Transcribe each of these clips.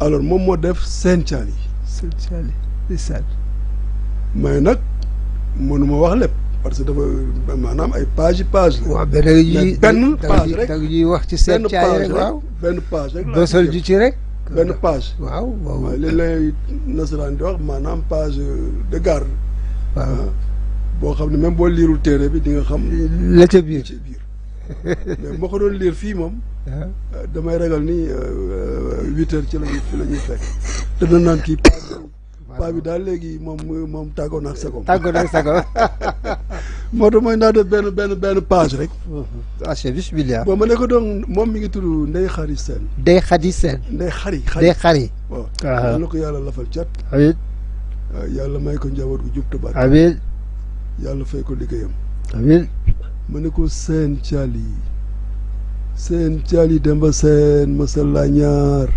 alors moom moo def seen caali seen caali ndeysaan mais nag mënuma wax lépp parce que dafa maanaam ay page page la. waaw benn page rek da nga wax ci seen caali rek benn page rek bësal ci rek. benn page. waaw waaw li lay nasaraan di wax maanaam page de garde. Ah, boo xam ne même boo liirul téere bi di nga xam. la ca biir ci biir mais moo ko doon liir fii moom. Ah. damay ragal ni. Euh, euh, huit ci la fekk dana naan kii paa bi paa daal léegi moom moom tàggoo na ak sagoom tàggoo na ak sagoom moo tax mooy naa def benn benn benn page rek ace ah, bismillah bon ma ne ko donc moom mi ngi tudd Ndeye Khary Sène Ndeye Khady Sène Ndeye Khary ah. ko yàlla lafal cat amiin ah, yàlla may ko njaboot gu jub te barke yàlla fay ko liggéeyam amiin ma ne ko Sène Thialy seen caali demba seen masalla ñaar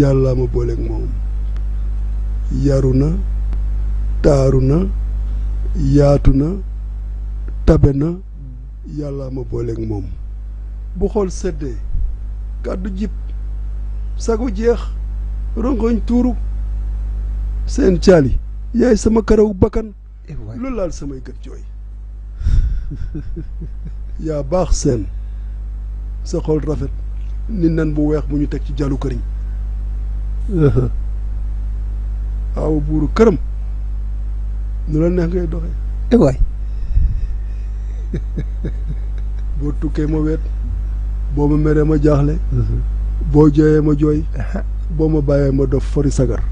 yàlla ma booleeg moom yaru na taaru na yaatu na tabe na yàlla ma booleeg moom bu xool seddee kàddu jib sagu jeex rongoñ tuuru seen caali yaay sama karaw bakkan loolu eh laal samay gët jooy yaa baax seen sa xol rafet ni nan bu weex bu ñu teg ci jàllu këriñ waaw buuru këram ñu la neex ngay doxee e waay boo tukkee ma weet boo ma meree ma jaaxle boo jooyee ma jooy boo ma bàyyee ma dof fori sagar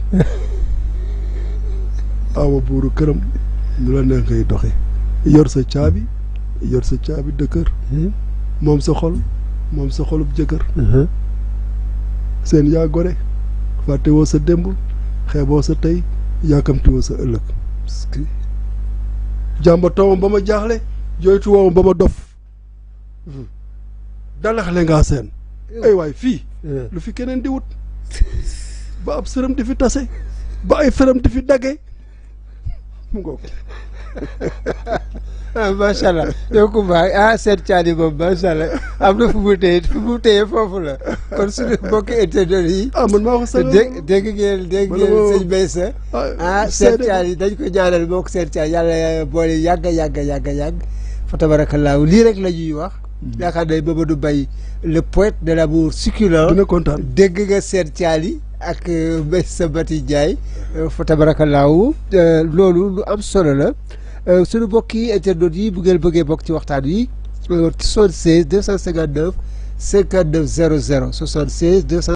awa buuru këram nu la neex ngay doxee yor sa caabi yor sa caabi de hmm? moom sa xol moom sa xolub jëkkër uh-huh. seen yaa gore fàttewoo sa démb xeeboo sa tey yaakamtiwoo sa ëllëg jàmbatoowam ba ma jaaxle jooytuwoowam ba ma dof uh-huh. dalaxle ngaa seen ay waay fii lu fi keneen di wut ba ab sëram di fi tase ba ay sëram di fi dagge Ah, macha allah yow Coumba ah seen caadi moom macha allah am na fu mu téye foofu la kon suñu mbokki internet yi. Ah, dégg dégg seen ah, caadi dañ ko ñaanal mbokk seen caadi yàlla boole yàgg yàgg yàgg yàgg la ñuy wax. Hmm. yaakaar naa Mamadou Mbaye le poète ak Meysa euh, Mati Ndiaye fa euh, loolu lu am solo la. Euh, suñu le yi qui yi bu ngeen bëggee bokk ci waxtaan wi 76 259 59 00 76 2